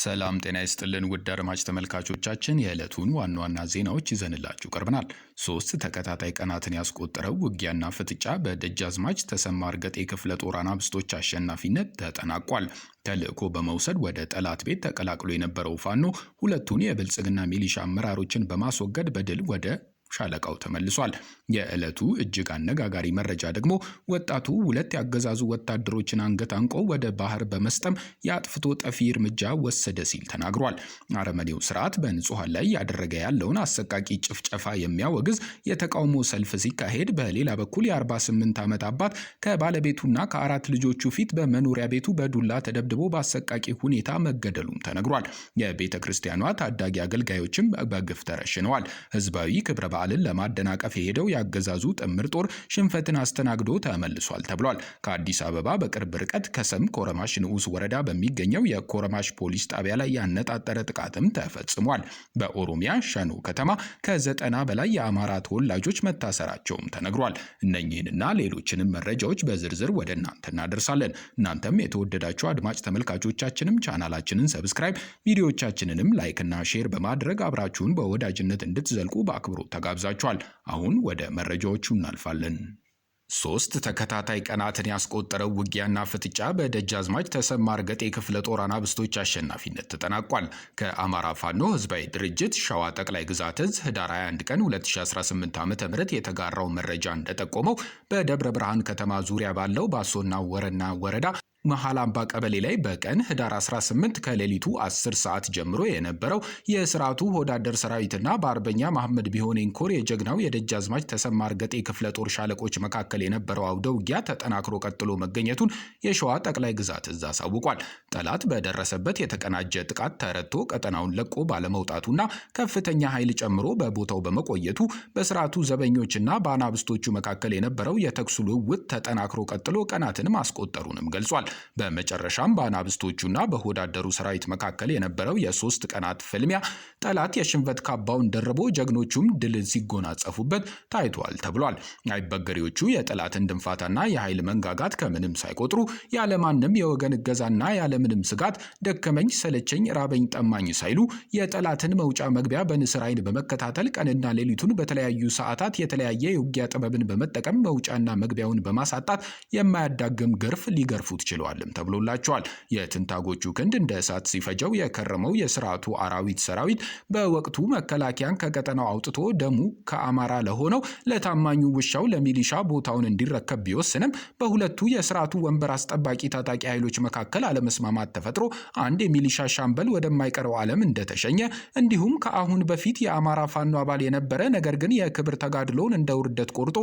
ሰላም ጤና ይስጥልን ውድ አድማጭ ተመልካቾቻችን የዕለቱን ዋና ዋና ዜናዎች ይዘንላችሁ ቀርበናል። ሶስት ተከታታይ ቀናትን ያስቆጠረው ውጊያና ፍጥጫ በደጃዝማች ተሰማ እርገጤ ክፍለ ጦር አናብስቶች አሸናፊነት ተጠናቋል። ተልእኮ በመውሰድ ወደ ጠላት ቤት ተቀላቅሎ የነበረው ፋኖ ሁለቱን የብልጽግና ሚሊሻ አመራሮችን በማስወገድ በድል ወደ ሻለቃው ተመልሷል። የዕለቱ እጅግ አነጋጋሪ መረጃ ደግሞ ወጣቱ ሁለት ያገዛዙ ወታደሮችን አንገት አንቆ ወደ ባህር በመስጠም የአጥፍቶ ጠፊ እርምጃ ወሰደ ሲል ተናግሯል። አረመኔው ስርዓት በንጹሐን ላይ ያደረገ ያለውን አሰቃቂ ጭፍጨፋ የሚያወግዝ የተቃውሞ ሰልፍ ሲካሄድ፣ በሌላ በኩል የ48 ዓመት አባት ከባለቤቱና ከአራት ልጆቹ ፊት በመኖሪያ ቤቱ በዱላ ተደብድቦ በአሰቃቂ ሁኔታ መገደሉም ተነግሯል። የቤተ ክርስቲያኗ ታዳጊ አገልጋዮችም በግፍ ተረሽነዋል። ህዝባዊ ክብረ በዓልን ለማደናቀፍ የሄደው የአገዛዙ ጥምር ጦር ሽንፈትን አስተናግዶ ተመልሷል ተብሏል። ከአዲስ አበባ በቅርብ ርቀት ከሰም ኮረማሽ ንዑስ ወረዳ በሚገኘው የኮረማሽ ፖሊስ ጣቢያ ላይ ያነጣጠረ ጥቃትም ተፈጽሟል። በኦሮሚያ ሸኖ ከተማ ከዘጠና በላይ የአማራ ተወላጆች መታሰራቸውም ተነግሯል። እነኚህንና ሌሎችንም መረጃዎች በዝርዝር ወደ እናንተ እናደርሳለን። እናንተም የተወደዳችሁ አድማጭ ተመልካቾቻችንም ቻናላችንን ሰብስክራይብ፣ ቪዲዮቻችንንም ላይክና ሼር በማድረግ አብራችሁን በወዳጅነት እንድትዘልቁ በአክብሮት ተጋ ጋብዛችኋል። አሁን ወደ መረጃዎቹ እናልፋለን። ሶስት ተከታታይ ቀናትን ያስቆጠረው ውጊያና ፍጥጫ በደጃዝማች ተሰማ እርገጤ የክፍለ ጦር አናብስቶች አሸናፊነት ተጠናቋል። ከአማራ ፋኖ ህዝባዊ ድርጅት ሸዋ ጠቅላይ ግዛት እዝ ህዳር 21 ቀን 2018 ዓ ም የተጋራው መረጃ እንደጠቆመው በደብረ ብርሃን ከተማ ዙሪያ ባለው ባሶና ወረና ወረዳ መሀል አምባ ቀበሌ ላይ በቀን ህዳር 18 ከሌሊቱ 10 ሰዓት ጀምሮ የነበረው የስርዓቱ ወዳደር ሰራዊትና በአርበኛ መሐመድ ቢሆኔን ኮር የጀግናው የደጃዝማች ተሰማ እርገጤ ክፍለ ጦር ሻለቆች መካከል የነበረው አውደ ውጊያ ተጠናክሮ ቀጥሎ መገኘቱን የሸዋ ጠቅላይ ግዛት እዝ አሳውቋል። ጠላት በደረሰበት የተቀናጀ ጥቃት ተረቶ ቀጠናውን ለቆ ባለመውጣቱና ከፍተኛ ኃይል ጨምሮ በቦታው በመቆየቱ በስርዓቱ ዘበኞችና በአናብስቶቹ መካከል የነበረው የተኩስ ልውውጥ ተጠናክሮ ቀጥሎ ቀናትን ማስቆጠሩንም ገልጿል። በመጨረሻም በአናብስቶቹና በሆዳደሩ ሰራዊት መካከል የነበረው የሶስት ቀናት ፍልሚያ ጠላት የሽንፈት ካባውን ደርቦ ጀግኖቹም ድል ሲጎናጸፉበት ታይቷል ተብሏል። አይበገሬዎቹ የጠላትን ድንፋታና የኃይል መንጋጋት ከምንም ሳይቆጥሩ ያለማንም የወገን እገዛና ያለምንም ስጋት ደከመኝ፣ ሰለቸኝ፣ ራበኝ፣ ጠማኝ ሳይሉ የጠላትን መውጫ መግቢያ በንስር አይን በመከታተል ቀንና ሌሊቱን በተለያዩ ሰዓታት የተለያየ የውጊያ ጥበብን በመጠቀም መውጫና መግቢያውን በማሳጣት የማያዳግም ገርፍ ሊገርፉት ችለዋል። ተገድለዋልም ተብሎላቸዋል። የትንታጎቹ ክንድ እንደ እሳት ሲፈጀው የከረመው የስርዓቱ አራዊት ሰራዊት በወቅቱ መከላከያን ከቀጠናው አውጥቶ ደሙ ከአማራ ለሆነው ለታማኙ ውሻው ለሚሊሻ ቦታውን እንዲረከብ ቢወስንም በሁለቱ የስርዓቱ ወንበር አስጠባቂ ታጣቂ ኃይሎች መካከል አለመስማማት ተፈጥሮ አንድ የሚሊሻ ሻምበል ወደማይቀረው ዓለም እንደተሸኘ እንዲሁም ከአሁን በፊት የአማራ ፋኖ አባል የነበረ ነገር ግን የክብር ተጋድሎውን እንደ ውርደት ቆርጦ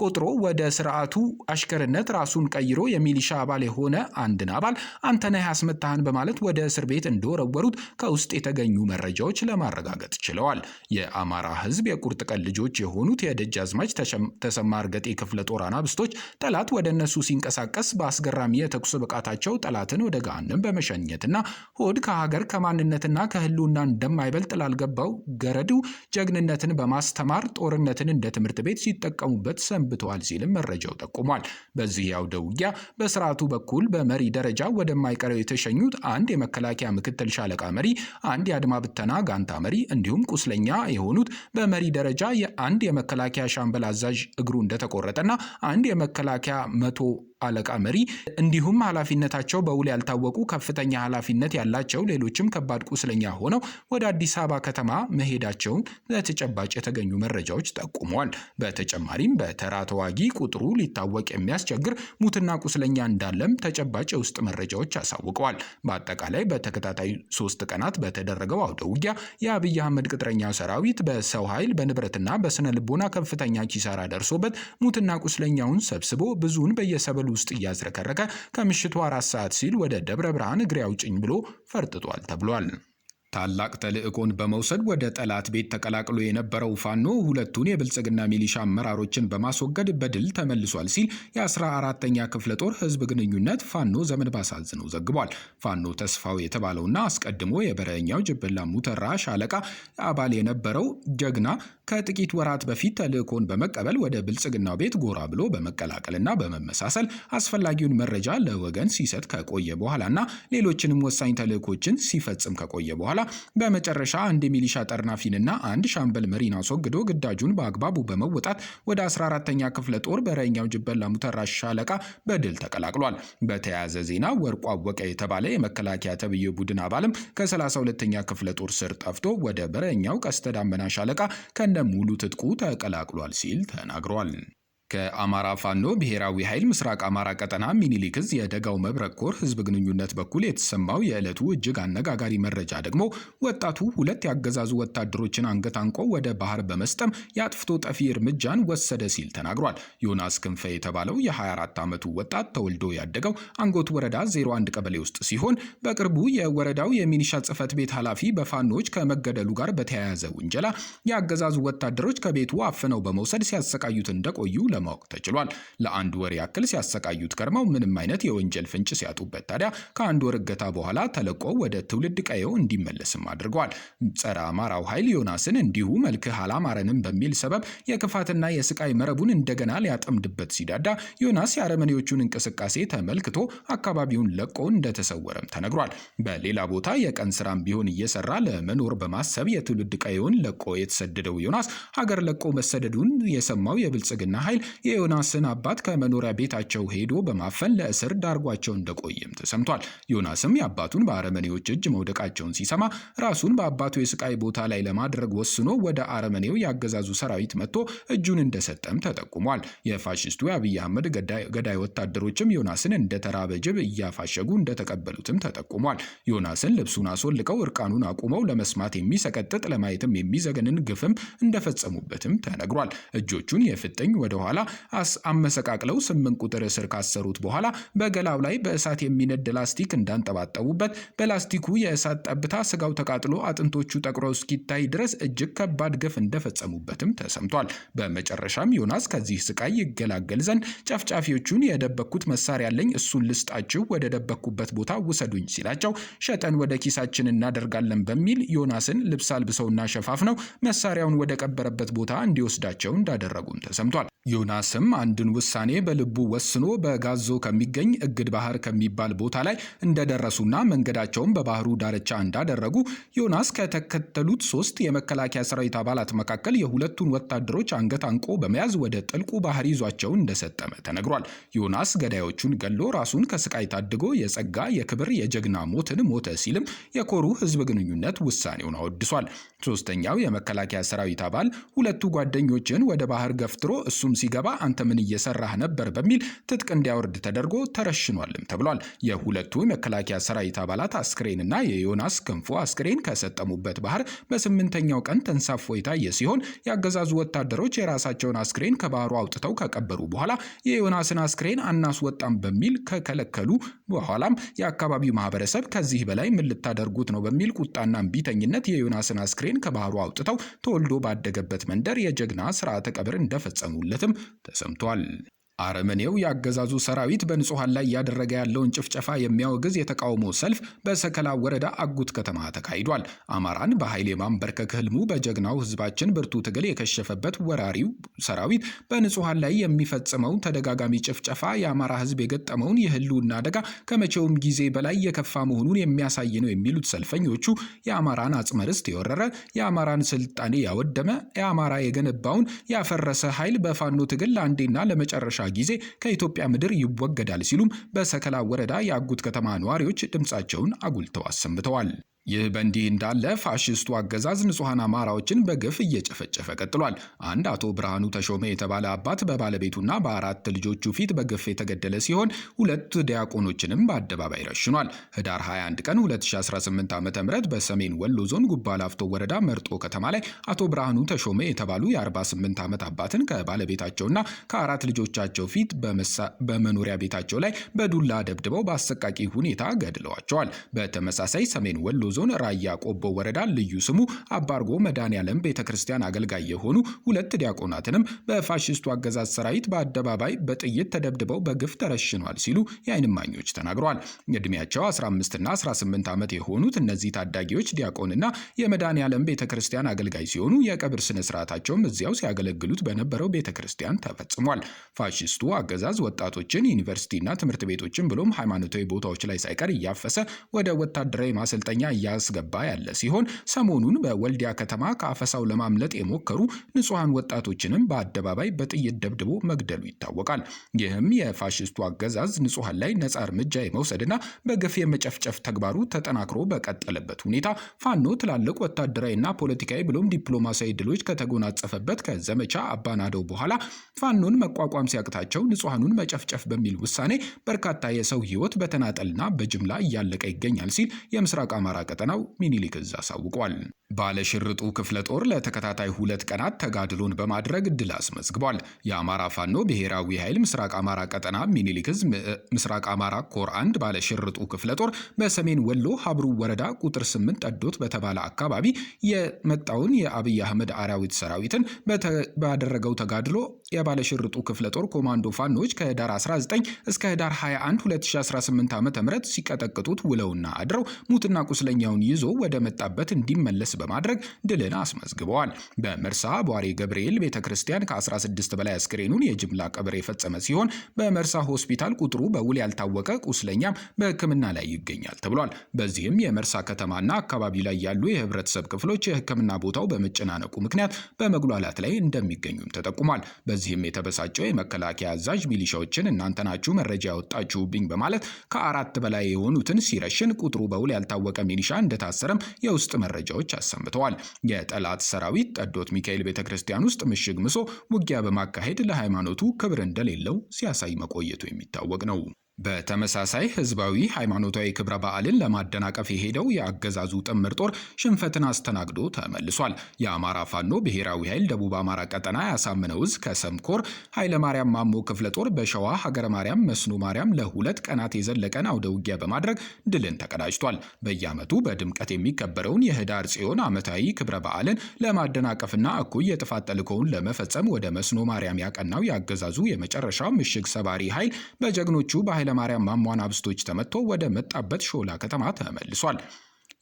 ቆጥሮ ወደ ስርዓቱ አሽከርነት ራሱን ቀይሮ የሚሊሻ አባል የሆነ አንድን አባል አንተነህ ያስመታህን በማለት ወደ እስር ቤት እንደወረወሩት ከውስጥ የተገኙ መረጃዎች ለማረጋገጥ ችለዋል። የአማራ ህዝብ የቁርጥ ቀን ልጆች የሆኑት የደጃዝማች ተሰማ እርገጤ ክፍለ ጦር አናብስቶች ጠላት ወደ እነሱ ሲንቀሳቀስ በአስገራሚ የተኩስ ብቃታቸው ጠላትን ወደ ገሃነም በመሸኘትና ሆድ ከሀገር ከማንነትና ከህልውና እንደማይበልጥ ላልገባው ገረዱ ጀግንነትን በማስተማር ጦርነትን እንደ ትምህርት ቤት ሲጠቀሙበት ሰንብተዋል ሲልም መረጃው ጠቁሟል። በዚህ ያው ደውጊያ በስርዓቱ በኩል በመሪ ደረጃ ወደማይቀረው የተሸኙት አንድ የመከላከያ ምክትል ሻለቃ መሪ፣ አንድ የአድማ ብተና ጋንታ መሪ እንዲሁም ቁስለኛ የሆኑት በመሪ ደረጃ የአንድ የመከላከያ ሻምበል አዛዥ እግሩ እንደተቆረጠና አንድ የመከላከያ መቶ አለቃ መሪ እንዲሁም ኃላፊነታቸው በውል ያልታወቁ ከፍተኛ ኃላፊነት ያላቸው ሌሎችም ከባድ ቁስለኛ ሆነው ወደ አዲስ አበባ ከተማ መሄዳቸውን ለተጨባጭ የተገኙ መረጃዎች ጠቁመዋል። በተጨማሪም በተራ ተዋጊ ቁጥሩ ሊታወቅ የሚያስቸግር ሙትና ቁስለኛ እንዳለም ተጨባጭ የውስጥ መረጃዎች አሳውቀዋል። በአጠቃላይ በተከታታይ ሶስት ቀናት በተደረገው አውደ ውጊያ የአብይ አህመድ ቅጥረኛ ሰራዊት በሰው ኃይል በንብረትና በስነ ልቦና ከፍተኛ ኪሳራ ደርሶበት ሙትና ቁስለኛውን ሰብስቦ ብዙውን በየሰበሉ ውስጥ እያዝረከረከ ከምሽቱ አራት ሰዓት ሲል ወደ ደብረ ብርሃን እግሬ አውጭኝ ብሎ ፈርጥጧል ተብሏል። ታላቅ ተልዕኮን በመውሰድ ወደ ጠላት ቤት ተቀላቅሎ የነበረው ፋኖ ሁለቱን የብልጽግና ሚሊሻ አመራሮችን በማስወገድ በድል ተመልሷል ሲል የአስራ አራተኛ ክፍለ ጦር ህዝብ ግንኙነት ፋኖ ዘመን ነው ዘግቧል። ፋኖ ተስፋው የተባለውና አስቀድሞ የበረኛው ጅብላ ሙተራ ሻለቃ አባል የነበረው ጀግና ከጥቂት ወራት በፊት ተልዕኮን በመቀበል ወደ ብልጽግና ቤት ጎራ ብሎ በመቀላቀልና በመመሳሰል አስፈላጊውን መረጃ ለወገን ሲሰጥ ከቆየ በኋላና ሌሎችንም ወሳኝ ተልዕኮችን ሲፈጽም ከቆየ በኋላ በመጨረሻ አንድ ሚሊሻ ጠርናፊንና አንድ ሻምበል መሪን አስወግዶ ግዳጁን በአግባቡ በመወጣት ወደ 14ተኛ ክፍለ ጦር በረኛው ጅበላ ሙተራሽ ሻለቃ በድል ተቀላቅሏል። በተያያዘ ዜና ወርቁ አወቀ የተባለ የመከላከያ ተብዬ ቡድን አባልም ከ32ኛ ክፍለ ጦር ስር ጠፍቶ ወደ በረኛው ቀስተ ዳመና ሻለቃ ከነ ሙሉ ትጥቁ ተቀላቅሏል ሲል ተናግሯል። ከአማራ ፋኖ ብሔራዊ ኃይል ምስራቅ አማራ ቀጠና ሚኒሊክ እዝ የደጋው መብረቅ ኮር ህዝብ ግንኙነት በኩል የተሰማው የዕለቱ እጅግ አነጋጋሪ መረጃ ደግሞ ወጣቱ ሁለት ያገዛዙ ወታደሮችን አንገት አንቆ ወደ ባህር በመስጠም የአጥፍቶ ጠፊ እርምጃን ወሰደ ሲል ተናግሯል። ዮናስ ክንፈ የተባለው የ24 ዓመቱ ወጣት ተወልዶ ያደገው አንጎት ወረዳ 01 ቀበሌ ውስጥ ሲሆን በቅርቡ የወረዳው የሚኒሻ ጽሕፈት ቤት ኃላፊ በፋኖች ከመገደሉ ጋር በተያያዘ ውንጀላ የአገዛዙ ወታደሮች ከቤቱ አፍነው በመውሰድ ሲያሰቃዩት እንደቆዩ ለማወቅ ተችሏል። ለአንድ ወር ያክል ሲያሰቃዩት ከርመው ምንም አይነት የወንጀል ፍንጭ ሲያጡበት ታዲያ ከአንድ ወር እገታ በኋላ ተለቆ ወደ ትውልድ ቀየው እንዲመለስም አድርገዋል። ጸረ አማራው ኃይል ዮናስን እንዲሁ መልክህ አላማረንም በሚል ሰበብ የክፋትና የስቃይ መረቡን እንደገና ሊያጠምድበት ሲዳዳ ዮናስ የአረመኔዎቹን እንቅስቃሴ ተመልክቶ አካባቢውን ለቆ እንደተሰወረም ተነግሯል። በሌላ ቦታ የቀን ስራም ቢሆን እየሰራ ለመኖር በማሰብ የትውልድ ቀየውን ለቆ የተሰደደው ዮናስ ሀገር ለቆ መሰደዱን የሰማው የብልጽግና ኃይል የዮናስን አባት ከመኖሪያ ቤታቸው ሄዶ በማፈን ለእስር ዳርጓቸው እንደቆየም ተሰምቷል። ዮናስም የአባቱን በአረመኔዎች እጅ መውደቃቸውን ሲሰማ ራሱን በአባቱ የስቃይ ቦታ ላይ ለማድረግ ወስኖ ወደ አረመኔው ያገዛዙ ሰራዊት መጥቶ እጁን እንደሰጠም ተጠቁሟል። የፋሽስቱ የአብይ አህመድ ገዳይ ወታደሮችም ዮናስን እንደ ተራ እያፋሸጉ እንደተቀበሉትም ተጠቁሟል። ዮናስን ልብሱን አስወልቀው እርቃኑን አቁመው ለመስማት የሚሰቀጥጥ ለማየትም የሚዘገንን ግፍም እንደፈጸሙበትም ተነግሯል። እጆቹን የፍጥኝ ወደኋላ በኋላ አመሰቃቅለው ስምንት ቁጥር እስር ካሰሩት በኋላ በገላው ላይ በእሳት የሚነድ ላስቲክ እንዳንጠባጠቡበት በላስቲኩ የእሳት ጠብታ ስጋው ተቃጥሎ አጥንቶቹ ጠቁረው እስኪታይ ድረስ እጅግ ከባድ ግፍ እንደፈጸሙበትም ተሰምቷል። በመጨረሻም ዮናስ ከዚህ ስቃይ ይገላገል ዘንድ ጨፍጫፊዎቹን የደበኩት መሳሪያ አለኝ፣ እሱን ልስጣችሁ፣ ወደ ደበኩበት ቦታ ውሰዱኝ ሲላቸው ሸጠን ወደ ኪሳችን እናደርጋለን በሚል ዮናስን ልብስ አልብሰውና ሸፋፍነው መሳሪያውን ወደ ቀበረበት ቦታ እንዲወስዳቸው እንዳደረጉም ተሰምቷል። ዮናስም አንድን ውሳኔ በልቡ ወስኖ በጋዞ ከሚገኝ እግድ ባህር ከሚባል ቦታ ላይ እንደደረሱና መንገዳቸውን በባህሩ ዳርቻ እንዳደረጉ ዮናስ ከተከተሉት ሶስት የመከላከያ ሰራዊት አባላት መካከል የሁለቱን ወታደሮች አንገት አንቆ በመያዝ ወደ ጥልቁ ባህር ይዟቸው እንደሰጠመ ተነግሯል። ዮናስ ገዳዮቹን ገሎ ራሱን ከስቃይ ታድጎ የጸጋ የክብር የጀግና ሞትን ሞተ ሲልም የኮሩ ህዝብ ግንኙነት ውሳኔውን አወድሷል። ሶስተኛው የመከላከያ ሰራዊት አባል ሁለቱ ጓደኞችን ወደ ባህር ገፍትሮ እሱም ሲ ሲገባ አንተ ምን እየሰራህ ነበር በሚል ትጥቅ እንዲያወርድ ተደርጎ ተረሽኗልም ተብሏል። የሁለቱ መከላከያ ሰራዊት አባላት አስክሬንና የዮናስ ክንፎ አስክሬን ከሰጠሙበት ባህር በስምንተኛው ቀን ተንሳፎ የታየ ሲሆን የአገዛዙ ወታደሮች የራሳቸውን አስክሬን ከባህሩ አውጥተው ከቀበሩ በኋላ የዮናስን አስክሬን አናስወጣም በሚል ከከለከሉ በኋላም የአካባቢው ማህበረሰብ ከዚህ በላይ ምን ልታደርጉት ነው በሚል ቁጣና እምቢተኝነት የዮናስን አስክሬን ከባህሩ አውጥተው ተወልዶ ባደገበት መንደር የጀግና ስርዓተ ቀብር እንደፈጸሙለትም ተሰምቷል። አረመኔው የአገዛዙ ሰራዊት በንጹሐን ላይ እያደረገ ያለውን ጭፍጨፋ የሚያወግዝ የተቃውሞ ሰልፍ በሰከላ ወረዳ አጉት ከተማ ተካሂዷል። አማራን በኃይል የማንበርከክ ህልሙ በጀግናው ህዝባችን ብርቱ ትግል የከሸፈበት ወራሪው ሰራዊት በንጹሐን ላይ የሚፈጽመው ተደጋጋሚ ጭፍጨፋ የአማራ ህዝብ የገጠመውን የህልውና አደጋ ከመቼውም ጊዜ በላይ የከፋ መሆኑን የሚያሳይ ነው የሚሉት ሰልፈኞቹ የአማራን አጽመ ርስት የወረረ፣ የአማራን ስልጣኔ ያወደመ፣ የአማራ የገነባውን ያፈረሰ ኃይል በፋኖ ትግል ለአንዴና ለመጨረሻ ጊዜ ከኢትዮጵያ ምድር ይወገዳል ሲሉም በሰከላ ወረዳ የአጉት ከተማ ነዋሪዎች ድምፃቸውን አጉልተው አሰምተዋል። ይህ በእንዲህ እንዳለ ፋሽስቱ አገዛዝ ንጹሐን አማራዎችን በግፍ እየጨፈጨፈ ቀጥሏል። አንድ አቶ ብርሃኑ ተሾመ የተባለ አባት በባለቤቱና በአራት ልጆቹ ፊት በግፍ የተገደለ ሲሆን ሁለት ዲያቆኖችንም በአደባባይ ረሽኗል። ህዳር 21 ቀን 2018 ዓ.ም በሰሜን ወሎ ዞን ጉባ ላፍቶ ወረዳ መርጦ ከተማ ላይ አቶ ብርሃኑ ተሾመ የተባሉ የ48 ዓመት አባትን ከባለቤታቸውና ከአራት ልጆቻቸው ከመሞታቸው ፊት በመኖሪያ ቤታቸው ላይ በዱላ ደብድበው በአሰቃቂ ሁኔታ ገድለዋቸዋል። በተመሳሳይ ሰሜን ወሎ ዞን ራያ ቆቦ ወረዳ ልዩ ስሙ አባርጎ መድኃኔዓለም ቤተ ክርስቲያን አገልጋይ የሆኑ ሁለት ዲያቆናትንም በፋሽስቱ አገዛዝ ሰራዊት በአደባባይ በጥይት ተደብድበው በግፍ ተረሽኗል ሲሉ የዓይን እማኞች ተናግረዋል። እድሜያቸው 15ና 18 ዓመት የሆኑት እነዚህ ታዳጊዎች ዲያቆንና የመድኃኔዓለም ቤተ ክርስቲያን አገልጋይ ሲሆኑ የቀብር ስነስርዓታቸውም እዚያው ሲያገለግሉት በነበረው ቤተ ክርስቲያን ተፈጽሟል። የፋሽስቱ አገዛዝ ወጣቶችን ዩኒቨርሲቲና ትምህርት ቤቶችን ብሎም ሃይማኖታዊ ቦታዎች ላይ ሳይቀር እያፈሰ ወደ ወታደራዊ ማሰልጠኛ እያስገባ ያለ ሲሆን ሰሞኑን በወልዲያ ከተማ ከአፈሳው ለማምለጥ የሞከሩ ንጹሐን ወጣቶችንም በአደባባይ በጥይት ደብድቦ መግደሉ ይታወቃል። ይህም የፋሽስቱ አገዛዝ ንጹሐን ላይ ነጻ እርምጃ የመውሰድና በገፍ የመጨፍጨፍ ተግባሩ ተጠናክሮ በቀጠለበት ሁኔታ ፋኖ ትላልቅ ወታደራዊና ፖለቲካዊ ብሎም ዲፕሎማሲያዊ ድሎች ከተጎናጸፈበት ከዘመቻ አባናደው በኋላ ፋኖን መቋቋም ሲያቅ በመግባታቸው ንጹሐኑን መጨፍጨፍ በሚል ውሳኔ በርካታ የሰው ህይወት በተናጠልና በጅምላ እያለቀ ይገኛል ሲል የምስራቅ አማራ ቀጠናው ሚኒሊክ እዝ አሳውቋል። ባለሽርጡ ክፍለ ጦር ለተከታታይ ሁለት ቀናት ተጋድሎን በማድረግ ድል አስመዝግቧል። የአማራ ፋኖ ብሔራዊ ኃይል ምስራቅ አማራ ቀጠና ሚኒሊክ ዕዝ ምስራቅ አማራ ኮር አንድ ባለሽርጡ ክፍለ ጦር በሰሜን ወሎ ሀብሩ ወረዳ ቁጥር ስምንት ጠዶት በተባለ አካባቢ የመጣውን የአብይ አህመድ አራዊት ሰራዊትን ባደረገው ተጋድሎ የባለሽርጡ ክፍለ ጦር ኮማንዶ ፋኖዎች ከህዳር 19 እስከ ህዳር 21 2018 ዓ ም ሲቀጠቅጡት ውለውና አድረው ሙትና ቁስለኛውን ይዞ ወደ መጣበት እንዲመለስ በማድረግ ድልን አስመዝግበዋል። በመርሳ ቧሪ ገብርኤል ቤተ ክርስቲያን ከ16 በላይ አስክሬኑን የጅምላ ቀብር የፈጸመ ሲሆን በመርሳ ሆስፒታል ቁጥሩ በውል ያልታወቀ ቁስለኛም በሕክምና ላይ ይገኛል ተብሏል። በዚህም የመርሳ ከተማና አካባቢ ላይ ያሉ የህብረተሰብ ክፍሎች የሕክምና ቦታው በመጨናነቁ ምክንያት በመጉላላት ላይ እንደሚገኙም ተጠቁሟል። በዚህም የተበሳጨው የመከላከያ አዛዥ ሚሊሻዎችን እናንተ ናችሁ መረጃ ያወጣችሁብኝ በማለት ከአራት በላይ የሆኑትን ሲረሽን ቁጥሩ በውል ያልታወቀ ሚሊሻ እንደታሰረም የውስጥ መረጃዎች አሳ ሰንብተዋል። የጠላት ሰራዊት ጠዶት ሚካኤል ቤተ ክርስቲያን ውስጥ ምሽግ ምሶ ውጊያ በማካሄድ ለሃይማኖቱ ክብር እንደሌለው ሲያሳይ መቆየቱ የሚታወቅ ነው። በተመሳሳይ ህዝባዊ ሃይማኖታዊ ክብረ በዓልን ለማደናቀፍ የሄደው የአገዛዙ ጥምር ጦር ሽንፈትን አስተናግዶ ተመልሷል። የአማራ ፋኖ ብሔራዊ ኃይል ደቡብ አማራ ቀጠና ያሳምነው እዝ ከሰምኮር ኃይለማርያም ማሞ ክፍለ ጦር በሸዋ ሀገረ ማርያም መስኖ ማርያም ለሁለት ቀናት የዘለቀን አውደ ውጊያ በማድረግ ድልን ተቀዳጅቷል። በየዓመቱ በድምቀት የሚከበረውን የህዳር ጽዮን ዓመታዊ ክብረ በዓልን ለማደናቀፍና እኩይ የጥፋት ጠልኮውን ለመፈጸም ወደ መስኖ ማርያም ያቀናው የአገዛዙ የመጨረሻው ምሽግ ሰባሪ ኃይል በጀግኖቹ ኃይለማርያም ማሟን አብስቶች ተመትቶ ወደ መጣበት ሾላ ከተማ ተመልሷል።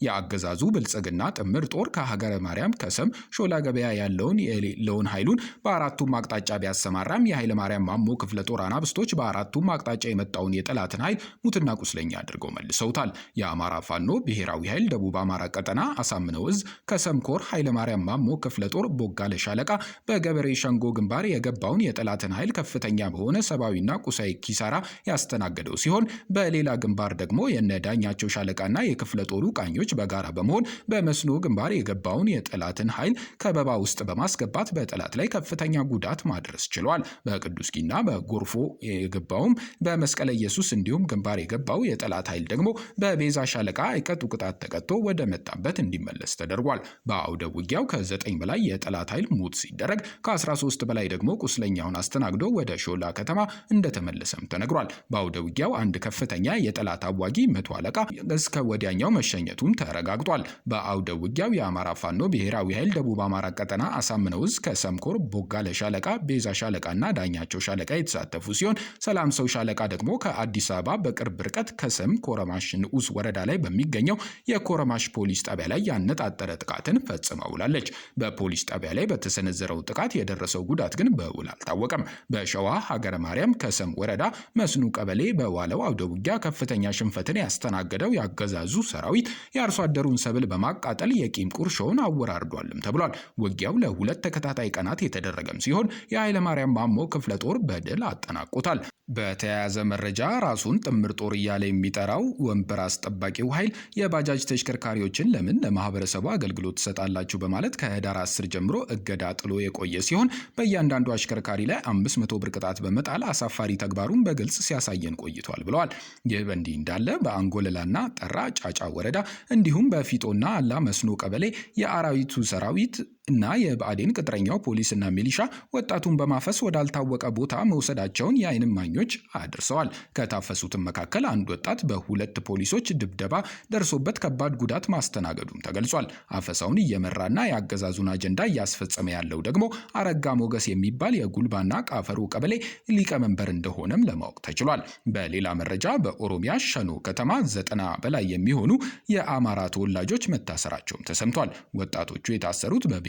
የአገዛዙ ብልጽግና ጥምር ጦር ከሀገረ ማርያም ከሰም ሾላ ገበያ ያለውን የሌለውን ኃይሉን በአራቱም አቅጣጫ ቢያሰማራም የኃይለ ማርያም ማሞ ክፍለ ጦር አናብስቶች በአራቱም አቅጣጫ የመጣውን የጠላትን ኃይል ሙትና ቁስለኛ አድርገው መልሰውታል። የአማራ ፋኖ ብሔራዊ ኃይል ደቡብ አማራ ቀጠና አሳምነው እዝ ከሰም ኮር ኃይለ ማርያም ማሞ ክፍለ ጦር ቦጋለ ሻለቃ በገበሬ ሸንጎ ግንባር የገባውን የጠላትን ኃይል ከፍተኛ በሆነ ሰብአዊና ቁሳዊ ኪሳራ ያስተናገደው ሲሆን በሌላ ግንባር ደግሞ የነ ዳኛቸው ሻለቃና የክፍለ ጦሩ ቃኞች በጋራ በመሆን በመስኖ ግንባር የገባውን የጠላትን ኃይል ከበባ ውስጥ በማስገባት በጠላት ላይ ከፍተኛ ጉዳት ማድረስ ችሏል። በቅዱስ ጊና በጎርፎ የገባውም በመስቀለ ኢየሱስ እንዲሁም ግንባር የገባው የጠላት ኃይል ደግሞ በቤዛ ሻለቃ አይቀጡ ቅጣት ተቀጥቶ ወደ መጣበት እንዲመለስ ተደርጓል። በአውደ ውጊያው ከ9 በላይ የጠላት ኃይል ሙት ሲደረግ ከ13 በላይ ደግሞ ቁስለኛውን አስተናግዶ ወደ ሾላ ከተማ እንደተመለሰም ተነግሯል። በአውደ ውጊያው አንድ ከፍተኛ የጠላት አዋጊ መቶ አለቃ እስከ ወዲያኛው መሸኘቱን መሆኑም ተረጋግጧል። በአውደ ውጊያው የአማራ ፋኖ ብሔራዊ ኃይል ደቡብ አማራ ቀጠና አሳምነው እዝ ከሰምኮር ቦጋለ ሻለቃ፣ ቤዛ ሻለቃና ዳኛቸው ሻለቃ የተሳተፉ ሲሆን ሰላም ሰው ሻለቃ ደግሞ ከአዲስ አበባ በቅርብ ርቀት ከሰም ኮረማሽ ንዑስ ወረዳ ላይ በሚገኘው የኮረማሽ ፖሊስ ጣቢያ ላይ ያነጣጠረ ጥቃትን ፈጽማ ውላለች። በፖሊስ ጣቢያ ላይ በተሰነዘረው ጥቃት የደረሰው ጉዳት ግን በውል አልታወቀም። በሸዋ ሀገረ ማርያም ከሰም ወረዳ መስኑ ቀበሌ በዋለው አውደ ውጊያ ከፍተኛ ሽንፈትን ያስተናገደው ያገዛዙ ሰራዊት የአርሶ አደሩን ሰብል በማቃጠል የቂም ቁርሾውን አወራርዷልም ተብሏል። ውጊያው ለሁለት ተከታታይ ቀናት የተደረገም ሲሆን የኃይለማርያም ማሞ ክፍለ ጦር በድል አጠናቆታል። በተያያዘ መረጃ ራሱን ጥምር ጦር እያለ የሚጠራው ወንበር አስጠባቂው ኃይል የባጃጅ ተሽከርካሪዎችን ለምን ለማህበረሰቡ አገልግሎት ትሰጣላችሁ በማለት ከህዳር 10 ጀምሮ እገዳ ጥሎ የቆየ ሲሆን በእያንዳንዱ አሽከርካሪ ላይ 500 ብር ቅጣት በመጣል አሳፋሪ ተግባሩን በግልጽ ሲያሳየን ቆይቷል ብለዋል። ይህ በእንዲህ እንዳለ በአንጎለላና ጠራ ጫጫ ወረዳ እንዲሁም በፊጦና አላ መስኖ ቀበሌ የአራዊቱ ሰራዊት እና የብአዴን ቅጥረኛው ፖሊስና ሚሊሻ ወጣቱን በማፈስ ወዳልታወቀ ቦታ መውሰዳቸውን የዓይን እማኞች አድርሰዋል። ከታፈሱትም መካከል አንድ ወጣት በሁለት ፖሊሶች ድብደባ ደርሶበት ከባድ ጉዳት ማስተናገዱም ተገልጿል። አፈሳውን እየመራና የአገዛዙን አጀንዳ እያስፈጸመ ያለው ደግሞ አረጋ ሞገስ የሚባል የጉልባና ቃፈሩ ቀበሌ ሊቀመንበር እንደሆነም ለማወቅ ተችሏል። በሌላ መረጃ በኦሮሚያ ሸኖ ከተማ ዘጠና በላይ የሚሆኑ የአማራ ተወላጆች መታሰራቸውም ተሰምቷል። ወጣቶቹ የታሰሩት በብሔር